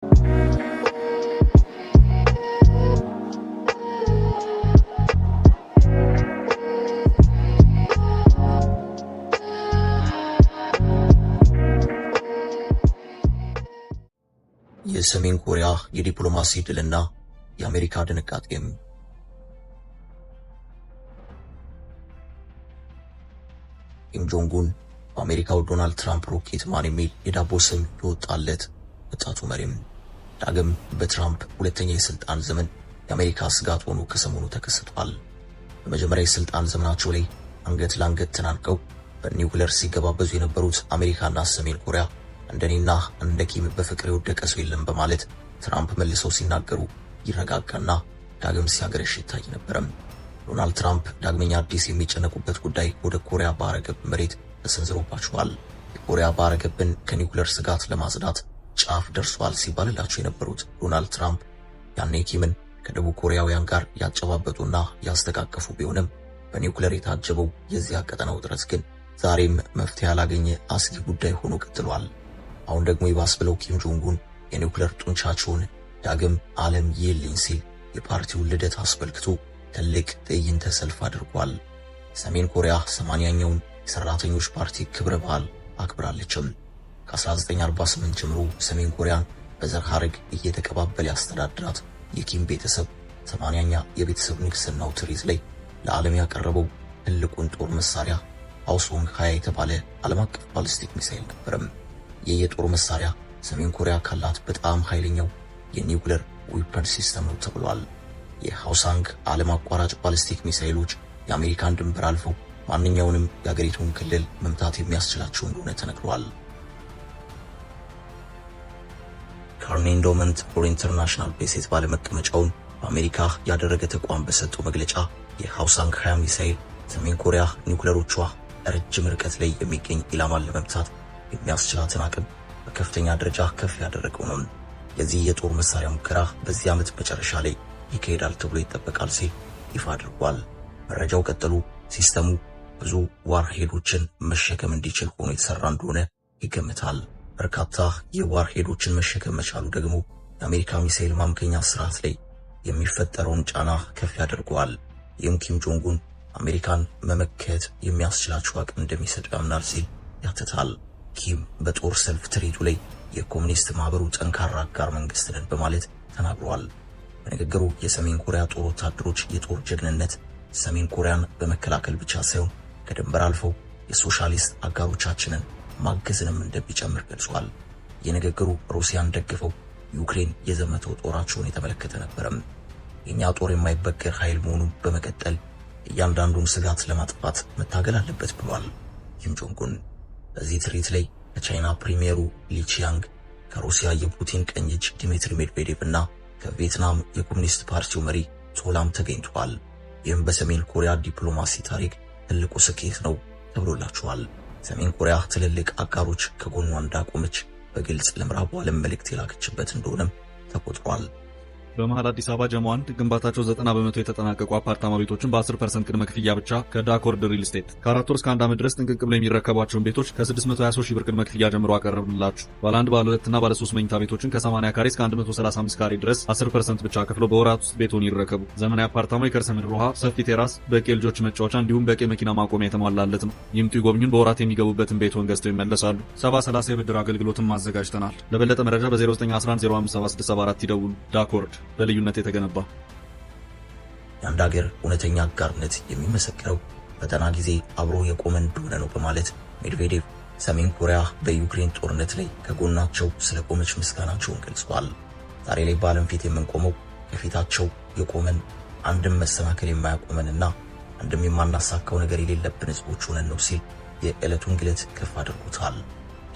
የሰሜን ኮሪያ የዲፕሎማሲ ድልና የአሜሪካ ድንጋጤም ኪም ጆንጉን በአሜሪካው ዶናልድ ትራምፕ ሮኬት ማን የሚል የዳቦ ስም የወጣለት ወጣቱ መሪም ዳግም በትራምፕ ሁለተኛ የስልጣን ዘመን የአሜሪካ ስጋት ሆኖ ከሰሞኑ ተከስቷል። በመጀመሪያ የስልጣን ዘመናቸው ላይ አንገት ለአንገት ተናንቀው በኒውክለር ሲገባበዙ የነበሩት አሜሪካና ሰሜን ኮሪያ እንደኔና እንደ ኪም በፍቅር የወደቀ ሰው የለም በማለት ትራምፕ መልሰው ሲናገሩ ይረጋጋና ዳግም ሲያገረሽ ይታይ ነበረም። ዶናልድ ትራምፕ ዳግመኛ አዲስ የሚጨነቁበት ጉዳይ ወደ ኮሪያ ባህረ ገብ መሬት ተሰንዝሮባቸዋል። የኮሪያ ባህረ ገብን ከኒውክለር ስጋት ለማጽዳት ጫፍ ደርሷል ሲባልላቸው የነበሩት ዶናልድ ትራምፕ ያኔ ኪምን ከደቡብ ኮሪያውያን ጋር ያጨባበጡና ያስተቃቀፉ ቢሆንም በኒውክሌር የታጀበው የዚያ ቀጠና ውጥረት ግን ዛሬም መፍትሄ ያላገኘ አስጊ ጉዳይ ሆኖ ቀጥሏል። አሁን ደግሞ ይባስ ብለው ኪም ጆንጉን የኒውክሌር ጡንቻቸውን ዳግም ዓለም ይልኝ ሲል የፓርቲውን ልደት አስመልክቶ ትልቅ ትዕይንተ ሰልፍ አድርጓል። ሰሜን ኮሪያ ሰማንያኛውን የሰራተኞች ፓርቲ ክብረ በዓል አክብራለችም። ከ1948 ጀምሮ ሰሜን ኮሪያን በዘር ሐረግ እየተቀባበለ ያስተዳድራት የኪም ቤተሰብ ኛ የቤተሰብ ንግስናው ትርኢት ላይ ለዓለም ያቀረበው ትልቁን ጦር መሳሪያ አውሶንግ 20 የተባለ ዓለም አቀፍ ባሊስቲክ ሚሳይል ነበረም። ይህ የጦር መሳሪያ ሰሜን ኮሪያ ካላት በጣም ኃይለኛው የኒውክለር ዊፐን ሲስተም ነው ተብሏል። የሃውሳንግ ዓለም አቋራጭ ባሊስቲክ ሚሳይሎች የአሜሪካን ድንበር አልፈው ማንኛውንም የአገሪቱን ክልል መምታት የሚያስችላቸው እንደሆነ ተነግሯል። ካርኔ ኢንዶመንት ፎር ኢንተርናሽናል ፔሴት ባለመቀመጫውን በአሜሪካ ያደረገ ተቋም በሰጠው መግለጫ የሃውሳንግ 20 ሚሳኤል ሰሜን ኮሪያ ኒውክለሮቿ ረጅም ርቀት ላይ የሚገኝ ኢላማን ለመምታት የሚያስችላትን አቅም በከፍተኛ ደረጃ ከፍ ያደረገው ነው። የዚህ የጦር መሳሪያ ሙከራ በዚህ ዓመት መጨረሻ ላይ ይካሄዳል ተብሎ ይጠበቃል ሲል ይፋ አድርጓል። መረጃው ቀጥሎ ሲስተሙ ብዙ ዋርሄዶችን መሸከም እንዲችል ሆኖ የተሰራ እንደሆነ ይገምታል። በርካታ የዋርሄዶችን መሸከም መቻሉ ደግሞ የአሜሪካ ሚሳኤል ማምከኛ ስርዓት ላይ የሚፈጠረውን ጫና ከፍ ያደርገዋል። ይህም ኪም ጆንጉን አሜሪካን መመከት የሚያስችላቸው አቅም እንደሚሰጥ ያምናል ሲል ያትታል። ኪም በጦር ሰልፍ ትርኢቱ ላይ የኮሚኒስት ማህበሩ ጠንካራ አጋር መንግስት ነን በማለት ተናግሯል። በንግግሩ የሰሜን ኮሪያ ጦር ወታደሮች የጦር ጀግንነት ሰሜን ኮሪያን በመከላከል ብቻ ሳይሆን ከድንበር አልፈው የሶሻሊስት አጋሮቻችንን ማገዝንም እንደሚጨምር ገልጿል። የንግግሩ ሩሲያን ደግፈው ዩክሬን የዘመተው ጦራቸውን የተመለከተ ነበረም። የእኛ ጦር የማይበገር ኃይል መሆኑን በመቀጠል እያንዳንዱን ስጋት ለማጥፋት መታገል አለበት ብሏል። ኪም ጆንግ ኡን በዚህ ትርኢት ላይ ከቻይና ፕሪሚየሩ ሊቺያንግ ከሩሲያ የፑቲን ቀኝ እጅ ዲሚትሪ ሜድቬዴቭ እና ከቪየትናም የኮሚኒስት ፓርቲው መሪ ሶላም ተገኝተዋል። ይህም በሰሜን ኮሪያ ዲፕሎማሲ ታሪክ ትልቁ ስኬት ነው ተብሎላቸዋል። ሰሜን ኮሪያ ትልልቅ አጋሮች ከጎኗ እንዳቆመች በግልጽ ለምዕራቡ ዓለም መልእክት የላከችበት እንደሆነም ተቆጥሯል። በመሀል አዲስ አበባ ጀሞ አንድ ግንባታቸው 90 በመቶ የተጠናቀቁ አፓርታማ ቤቶችን በ10 ፐርሰንት ቅድመ ክፍያ ብቻ ከዳኮርድ ሪል ስቴት ከአራት ወር እስከ አንድ ዓመት ድረስ ጥንቅቅ ብሎ የሚረከቧቸውን ቤቶች ከ623 ሺህ ብር ቅድመ ክፍያ ጀምሮ አቀረብንላችሁ። ባለ አንድ ባለ ሁለትና ባለ ሶስት መኝታ ቤቶችን ከ80 ካሬ እስከ 135 ካሬ ድረስ 10 ፐርሰንት ብቻ ከፍሎ በወራት ውስጥ ቤቶን ይረከቡ። ዘመናዊ አፓርታማ፣ የከርሰ ምድር ውሃ፣ ሰፊ ቴራስ፣ በቂ ልጆች መጫወቻ እንዲሁም በቂ መኪና ማቆሚያ የተሟላለት ነው። ይምጡ ይጎብኙን። በወራት የሚገቡበትን ቤቶን ገዝተው ይመለሳሉ። 730 የብድር አገልግሎትም አዘጋጅተናል። ለበለጠ መረጃ በ0911 ይደውሉ። ዳኮርድ በልዩነት የተገነባ የአንድ ሀገር እውነተኛ አጋርነት የሚመሰክረው ፈተና ጊዜ አብሮ የቆመ እንደሆነ ነው በማለት ሜድቬዴቭ ሰሜን ኮሪያ በዩክሬን ጦርነት ላይ ከጎናቸው ስለቆመች ምስጋናቸውን ገልጸዋል። ዛሬ ላይ በዓለም ፊት የምንቆመው ከፊታቸው የቆመን አንድም መሰናከል የማያቆመንና አንድም የማናሳካው ነገር የሌለብን ህዝቦች ሆነን ነው ሲል የዕለቱን ግለት ከፍ አድርጎታል።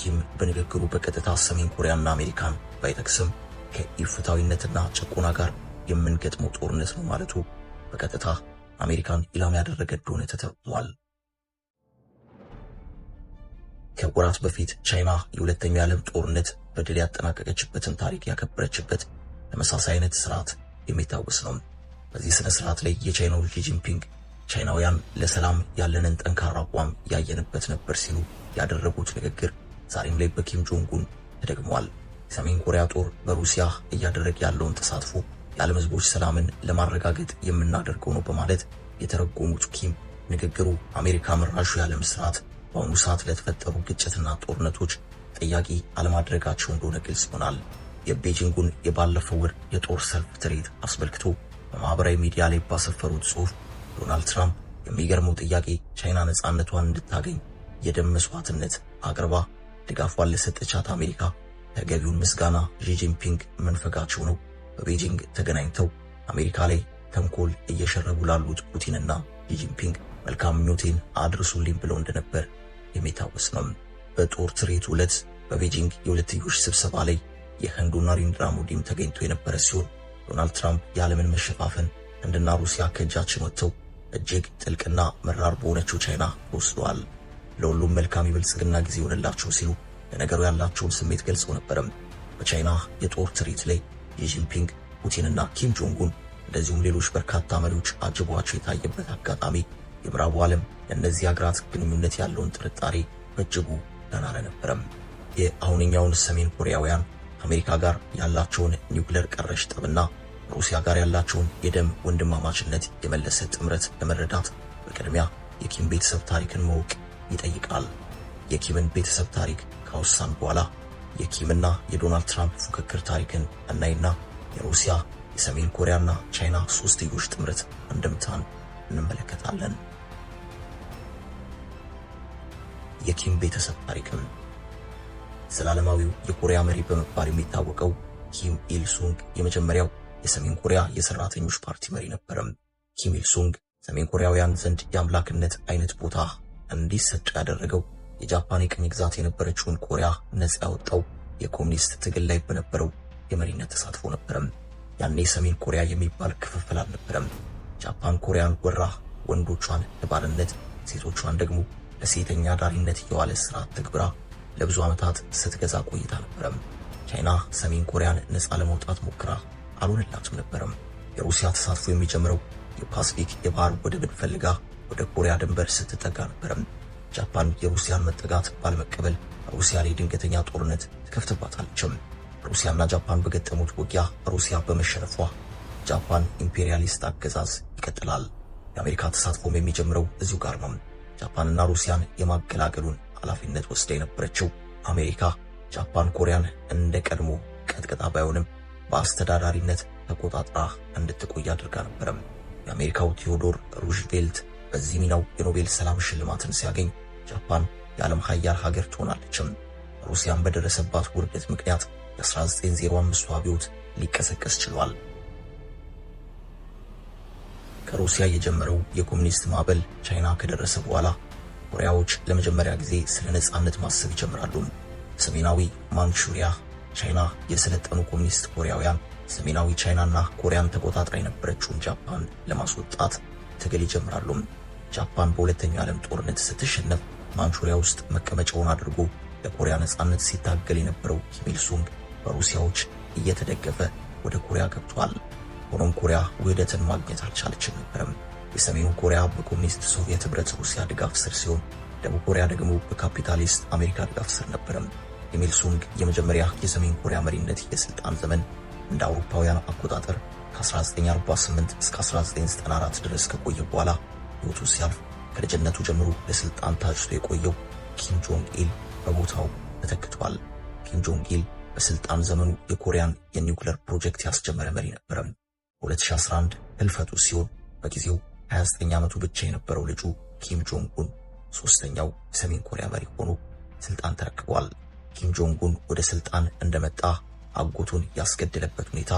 ኪም በንግግሩ በቀጥታ ሰሜን ኮሪያና አሜሪካን ባይጠቅስም ከኢፍታዊነትና ጭቆና ጋር የምንገጥመው ጦርነት ነው ማለቱ በቀጥታ አሜሪካን ኢላማ ያደረገ እንደሆነ ተተርጉሟል። ከወራት በፊት ቻይና የሁለተኛው የዓለም ጦርነት በድል ያጠናቀቀችበትን ታሪክ ያከበረችበት ተመሳሳይ አይነት ስርዓት የሚታወስ ነው። በዚህ ስነ ስርዓት ላይ የቻይናው ሺጂንፒንግ ቻይናውያን ለሰላም ያለንን ጠንካራ አቋም ያየንበት ነበር ሲሉ ያደረጉት ንግግር ዛሬም ላይ በኪም ጆንጉን ተደግሟል። የሰሜን ኮሪያ ጦር በሩሲያ እያደረገ ያለውን ተሳትፎ የዓለም ህዝቦች ሰላምን ለማረጋገጥ የምናደርገው ነው በማለት የተረጎሙት ኪም ንግግሩ አሜሪካ መራሹ የዓለም ስርዓት በአሁኑ ሰዓት ለተፈጠሩ ግጭትና ጦርነቶች ጠያቂ አለማድረጋቸው እንደሆነ ግልጽ ይሆናል። የቤጂንጉን የባለፈው ወር የጦር ሰልፍ ትርኢት አስመልክቶ በማኅበራዊ ሚዲያ ላይ ባሰፈሩት ጽሑፍ ዶናልድ ትራምፕ የሚገርመው ጥያቄ ቻይና ነፃነቷን እንድታገኝ የደም መስዋዕትነት አቅርባ ድጋፏን ለሰጠቻት አሜሪካ ተገቢውን ምስጋና ሺጂንፒንግ መንፈጋቸው ነው። በቤጂንግ ተገናኝተው አሜሪካ ላይ ተንኮል እየሸረቡ ላሉት ፑቲንና ሺጂንፒንግ መልካም ምኞቴን አድርሱልኝ ብለው እንደነበር የሚታወስ ነው። በጦር ትርኢቱ ዕለት በቤጂንግ የሁለትዮሽ ስብሰባ ላይ የህንዱ ናሬንድራ ሞዲም ተገኝቶ የነበረ ሲሆን ዶናልድ ትራምፕ የዓለምን መሸፋፈን ህንድና ሩሲያ ከእጃችን ወጥተው እጅግ ጥልቅና መራር በሆነችው ቻይና ወስደዋል፣ ለሁሉም መልካም የብልጽግና ጊዜ ይሆንላቸው ሲሉ ለነገሩ ያላቸውን ስሜት ገልጸው ነበረም። በቻይና የጦር ትርኢት ላይ የጂንፒንግ ፑቲንና ኪም ጆንጉን እንደዚሁም ሌሎች በርካታ መሪዎች አጅቧቸው የታየበት አጋጣሚ የምዕራቡ ዓለም ለእነዚህ ሀገራት ግንኙነት ያለውን ጥርጣሬ በእጅጉ ገና ነበረም። የአሁንኛውን ሰሜን ኮሪያውያን አሜሪካ ጋር ያላቸውን ኒውክሌር ቀረሽ ጠብና ሩሲያ ጋር ያላቸውን የደም ወንድማማችነት የመለሰ ጥምረት ለመረዳት በቅድሚያ የኪም ቤተሰብ ታሪክን ማወቅ ይጠይቃል። የኪምን ቤተሰብ ታሪክ ከውሳን በኋላ የኪምና የዶናልድ ትራምፕ ፉክክር ታሪክን እናይና የሩሲያ የሰሜን ኮሪያና ቻይና ሶስትዮሽ ጥምረት እንደምታን እንመለከታለን። የኪም ቤተሰብ ታሪክም ዘላለማዊው የኮሪያ መሪ በመባል የሚታወቀው ኪም ኢልሱንግ የመጀመሪያው የሰሜን ኮሪያ የሰራተኞች ፓርቲ መሪ ነበረም። ኪም ኢልሱንግ ሰሜን ኮሪያውያን ዘንድ የአምላክነት አይነት ቦታ እንዲሰጥ ያደረገው የጃፓን ቅኝ ግዛት የነበረችውን ኮሪያ ነጻ ያወጣው የኮሚኒስት ትግል ላይ በነበረው የመሪነት ተሳትፎ ነበረም። ያኔ ሰሜን ኮሪያ የሚባል ክፍፍል አልነበረም። ጃፓን ኮሪያን ወራ ወንዶቿን ለባርነት፣ ሴቶቿን ደግሞ ለሴተኛ ዳሪነት የዋለ ስርዓት ተግብራ ለብዙ ዓመታት ስትገዛ ቆይታ ነበረም። ቻይና ሰሜን ኮሪያን ነጻ ለመውጣት ሞክራ አልሆነላትም ነበረም። የሩሲያ ተሳትፎ የሚጀምረው የፓስፊክ የባህር ወደብን ፈልጋ ወደ ኮሪያ ድንበር ስትጠጋ ነበረም። ጃፓን የሩሲያን መጠጋት ባለመቀበል ሩሲያ ላይ ድንገተኛ ጦርነት ትከፍትባታለችም። ሩሲያና ጃፓን በገጠሙት ውጊያ ሩሲያ በመሸነፏ ጃፓን ኢምፔሪያሊስት አገዛዝ ይቀጥላል። የአሜሪካ ተሳትፎም የሚጀምረው እዚሁ ጋር ነው። ጃፓንና ሩሲያን የማገላገሉን ኃላፊነት ወስዳ የነበረችው አሜሪካ ጃፓን ኮሪያን እንደ ቀድሞ ቀጥቅጣ ባይሆንም በአስተዳዳሪነት ተቆጣጥራ እንድትቆይ አድርጋ ነበረም። የአሜሪካው ቴዎዶር ሩዝቬልት በዚህ ሚናው የኖቤል ሰላም ሽልማትን ሲያገኝ ጃፓን የዓለም ሀያል ሀገር ትሆናለችም። ሩሲያን በደረሰባት ውርደት ምክንያት የ1905 አብዮት ሊቀሰቀስ ችሏል። ከሩሲያ የጀመረው የኮሚኒስት ማዕበል ቻይና ከደረሰ በኋላ ኮሪያዎች ለመጀመሪያ ጊዜ ስለ ነፃነት ማሰብ ይጀምራሉ። ሰሜናዊ ማንቹሪያ ቻይና የሰለጠኑ ኮሚኒስት ኮሪያውያን ሰሜናዊ ቻይናና ኮሪያን ተቆጣጥራ የነበረችውን ጃፓን ለማስወጣት ትግል ይጀምራሉ። ጃፓን በሁለተኛው ዓለም ጦርነት ስትሸነፍ ማንቹሪያ ውስጥ መቀመጫውን አድርጎ ለኮሪያ ነጻነት ሲታገል የነበረው ኪሚል በሩሲያዎች እየተደገፈ ወደ ኮሪያ ገብቷል። ሆኖም ኮሪያ ውህደትን ማግኘት አልቻለችም ነበረም። የሰሜኑ ኮሪያ በኮሚኒስት ሶቪየት ህብረት ሩሲያ ድጋፍ ስር ሲሆን፣ ደቡብ ኮሪያ ደግሞ በካፒታሊስት አሜሪካ ድጋፍ ስር ነበረም። ኪሚልሱንግ የመጀመሪያ የሰሜን ኮሪያ መሪነት የስልጣን ዘመን እንደ አውሮፓውያን አቆጣጠር ከ1948 እስከ 1994 ድረስ ከቆየ በኋላ ህይወቱ ሲያልፍ ከልጅነቱ ጀምሮ ለስልጣን ታጭቶ የቆየው ኪም ጆንግ ኢል በቦታው ተተክቷል። ኪም ጆንግ ኢል በስልጣን ዘመኑ የኮሪያን የኒውክሌር ፕሮጀክት ያስጀመረ መሪ ነበር በ በ2011 ህልፈቱ ሲሆን በጊዜው 29 ዓመቱ ብቻ የነበረው ልጁ ኪም ጆንግ ኡን ሶስተኛው የሰሜን ኮሪያ መሪ ሆኖ ስልጣን ተረክቧል። ኪም ጆንግ ኡን ወደ ስልጣን እንደመጣ አጎቱን ያስገደለበት ሁኔታ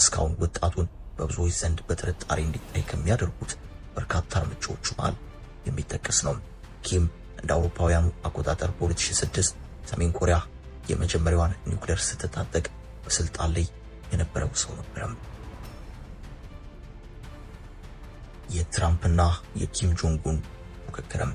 እስካሁን ወጣቱን በብዙዎች ዘንድ በጥርጣሬ እንዲታይ ከሚያደርጉት በርካታ እርምጃዎቹ መሃል የሚጠቀስ ነው። ኪም እንደ አውሮፓውያኑ አቆጣጠር በ2006 ሰሜን ኮሪያ የመጀመሪያዋን ኒውክሌር ስትታጠቅ በስልጣን ላይ የነበረው ሰው ነበረም። የትራምፕና የኪም ጆንጉን ፉክክርም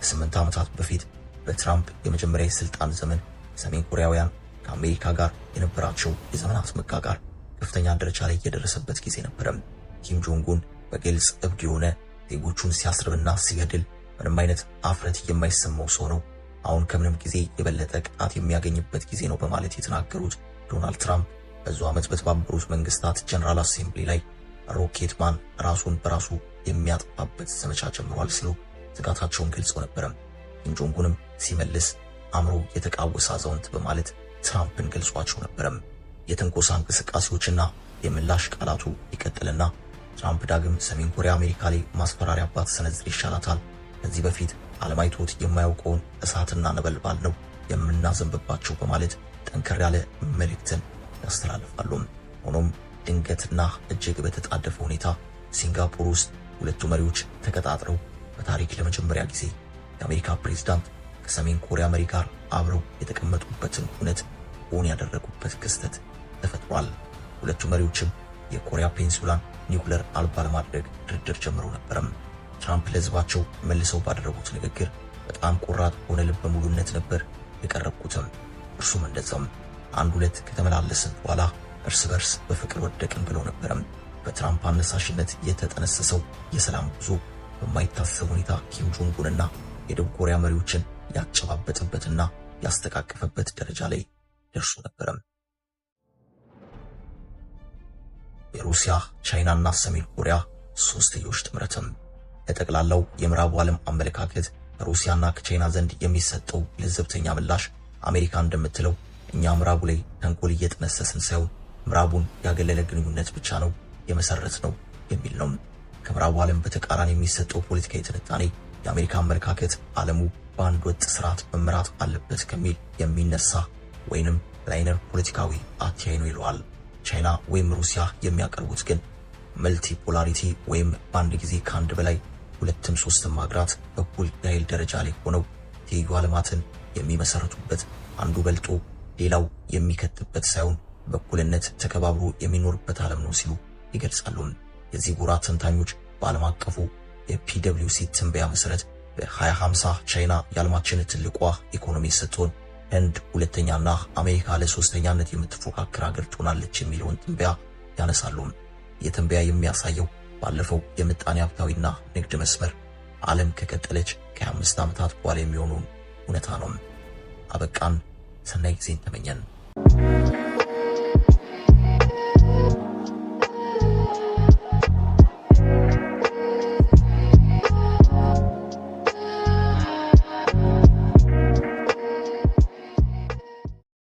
ከስምንት ዓመታት በፊት በትራምፕ የመጀመሪያ የስልጣን ዘመን ሰሜን ኮሪያውያን ከአሜሪካ ጋር የነበራቸው የዘመናት መቃቃር ከፍተኛ ደረጃ ላይ የደረሰበት ጊዜ ነበረም። ኪም ጆንጉን በግልጽ እብድ የሆነ ዜጎቹን ሲያስርብና ሲገድል ምንም አይነት አፍረት የማይሰማው ሰው ነው። አሁን ከምንም ጊዜ የበለጠ ቅጣት የሚያገኝበት ጊዜ ነው በማለት የተናገሩት ዶናልድ ትራምፕ በዙ ዓመት በተባበሩት መንግስታት ጀነራል አሴምብሊ ላይ ሮኬትማን ራሱን በራሱ የሚያጠፋበት ዘመቻ ጀምሯል ሲሉ ስጋታቸውን ገልጸው ነበረም። ኪም ሲመልስ አእምሮ የተቃወሰ አዛውንት በማለት ትራምፕን ገልጿቸው ነበረም። የትንኮሳ እንቅስቃሴዎችና የምላሽ ቃላቱ ይቀጥልና ትራምፕ ዳግም ሰሜን ኮሪያ አሜሪካ ላይ ማስፈራሪያ ባትሰነዝር ይሻላታል። ከዚህ በፊት ዓለም አይቶት የማያውቀውን እሳትና ነበልባል ነው የምናዘንብባቸው በማለት ጠንከር ያለ መልእክትን ያስተላልፋሉ። ሆኖም ድንገትና እጅግ በተጣደፈ ሁኔታ ሲንጋፖር ውስጥ ሁለቱ መሪዎች ተቀጣጥረው በታሪክ ለመጀመሪያ ጊዜ የአሜሪካ ፕሬዝዳንት ከሰሜን ኮሪያ መሪ ጋር አብረው የተቀመጡበትን እውነት ሆን ያደረጉበት ክስተት ተፈጥሯል። ሁለቱ መሪዎችም የኮሪያ ፔንሱላን ኒውክሌር አልባ ለማድረግ ድርድር ጀምሮ ነበርም። ትራምፕ ለህዝባቸው መልሰው ባደረጉት ንግግር በጣም ቆራጥ ሆነ ልበ ሙሉነት ነበር የቀረብኩትም፣ እርሱም እንደዛም። አንድ ሁለት ከተመላለስን በኋላ እርስ በርስ በፍቅር ወደቅን ብለው ነበርም። በትራምፕ አነሳሽነት የተጠነሰሰው የሰላም ጉዞ በማይታሰብ ሁኔታ ኪም ጆንግ ኡንና የደቡብ ኮሪያ መሪዎችን ያጨባበጠበትና ያስተቃቀፈበት ደረጃ ላይ ደርሶ ነበረም። የሩሲያ ቻይናና ሰሜን ኮሪያ ሶስትዮሽ ጥምረትም ለጠቅላላው የምዕራቡ ዓለም አመለካከት ከሩሲያና ከቻይና ዘንድ የሚሰጠው ለዘብተኛ ምላሽ አሜሪካ እንደምትለው እኛ ምዕራቡ ላይ ተንኮል እየጠነሰስን ሳይሆን ምዕራቡን ያገለለ ግንኙነት ብቻ ነው የመሰረት ነው የሚል ነው። ከምዕራቡ ዓለም በተቃራኒ የሚሰጠው ፖለቲካዊ ትንታኔ የአሜሪካ አመለካከት ዓለሙ በአንድ ወጥ ስርዓት መምራት አለበት ከሚል የሚነሳ ወይንም ላይነር ፖለቲካዊ አትያይ ነው ይለዋል። ቻይና ወይም ሩሲያ የሚያቀርቡት ግን መልቲፖላሪቲ ወይም በአንድ ጊዜ ከአንድ በላይ ሁለትም ሶስትም ሀገራት እኩል የኃይል ደረጃ ላይ ሆነው ትይዩ ዓለማትን የሚመሰረቱበት አንዱ በልጦ ሌላው የሚከትበት ሳይሆን በእኩልነት ተከባብሮ የሚኖርበት ዓለም ነው ሲሉ ይገልጻሉ። የዚህ ጎራ ተንታኞች በዓለም አቀፉ የፒደብሊውሲ ትንበያ መሰረት በ2050 ቻይና የዓለማችን ትልቋ ኢኮኖሚ ስትሆን ህንድ ሁለተኛና አሜሪካ ለሶስተኛነት የምትፎካከር ሀገር ትሆናለች የሚለውን ትንበያ ያነሳሉ። ይህ የሚያሳየው ባለፈው የምጣኔ ሀብታዊና ንግድ መስመር ዓለም ከቀጠለች ከአምስት ዓመታት በኋላ የሚሆነውን እውነታ ነው። አበቃን። ሰናይ ጊዜን ተመኘን።